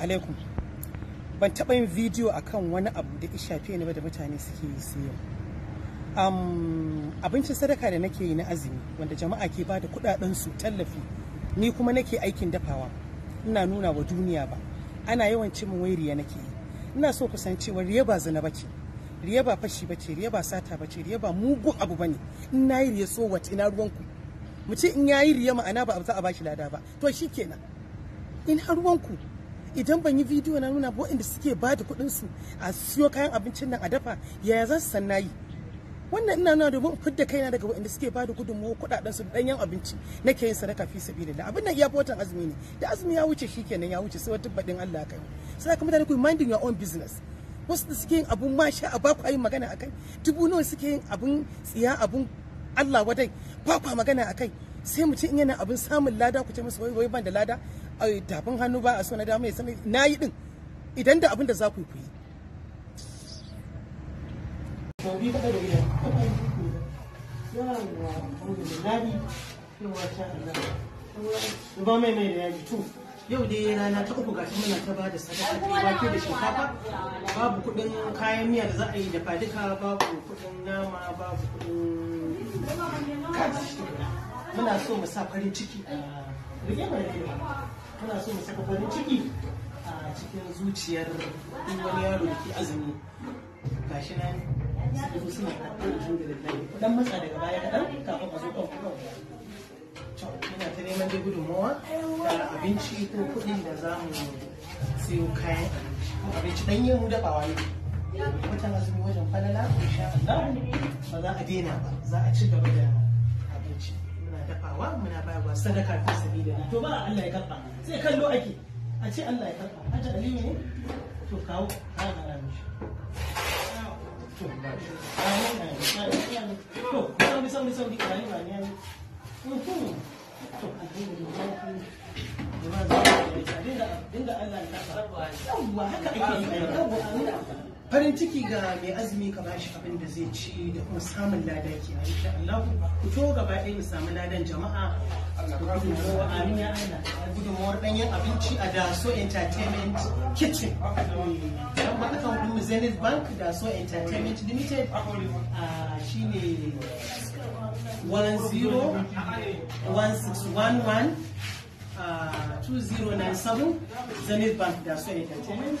alaikum ban taɓa yin bidiyo akan wani abu da isha ni ba da mutane suke yi siyo abincin sadaka da nake yi na azumi wanda jama'a ke ba da kudaden su tallafi ni kuma nake aikin dafawa ina nuna wa duniya ba ana yawan cin wai riya nake yi ina so ku san cewa riya ba zina bace riya ba fashi bace riya ba sata bace riya ba mugun abu bane in nayi riya so wat ina ruwanku mu ce in yayi riya ma'ana ba za a bashi lada ba to shikenan ina ruwanku idan ban yi bidiyo na nuna ba inda suke ba da kudin su a siyo kayan abincin nan a dafa yaya za su san nayi wannan ina nuna domin fidda kaina daga waɗanda suke ba da gudunmawa kuɗaɗen su ɗanyen abinci nake yin sadaka fi sabilillah abin nan iya fotan azumi ne da azumi ya wuce shikenan ya wuce sai wata baɗin Allah kai sai kuma mutane ku minding your own business wasu da suke yin abun masha a baku ayi magana akai dubu nawa suke yin abun tsiya abun Allah wadai ba ku magana akai sai mutum in yana abun samun lada ku ce masa wai ban da lada tafin hannu ba a so na dama ya sani na yi din idan da abin da za ku yi ba mai mai da yaji tu yau dai rana ta uku gashi muna ta bada sadaka wake da shinkafa babu kudin kayan miya da za a yi da fadika babu kudin nama babu kudin kaji muna so mu sa farin ciki a rigimar mai kana so mu saka farin ciki a cikin zuciyar wani yaro da ke azumi gashi nan su suna da alhamdulillah ɗan matsa daga baya kaɗan kafin a zo kan kuɗin muna ta neman dai gudunmawa da abinci ko kuɗin da za mu siyo kayan abinci ɗanye mu dafawa ne su azumi wajen falala insha Allah ba za a daina ba za a ci gaba da dafawa muna bayarwa sadaka ta da to ba Allah ya karba sai kallo ake a ce Allah ya karba a ta aliyu ne to kawo ka hana mishi shi to ba mu san mu san ki ba ni ba ni to alhamdulillah dinga Allah ya karba yawa haka ake yi yawa amina farin ciki ga mai azumi ka bashi abin da zai ci da kuma samun lada ke a insha Allah ku to gaba ɗaya mu samu ladan jama'a gudunmawa amin ya Allah gudunmawar ɗanyen abinci a Daso Entertainment Kitchen dan ba akan kuma Zenith Bank Daso Entertainment Limited shine 101611 2097 Zenith Bank Daso Entertainment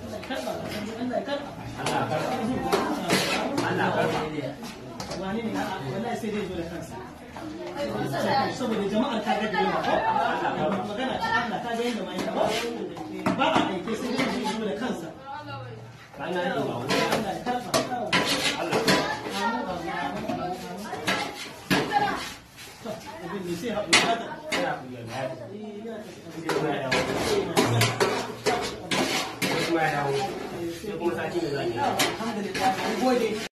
wallahi sai dai zo da kansa saboda jama'ar ta ga yawa ko magana ta Allah ta ga yadda mai ba ba a aike sai dai zo da kansa kana yi ba wani Allah ya karfa abin ne sai haƙuri ya ta ya haƙuri ya ta ya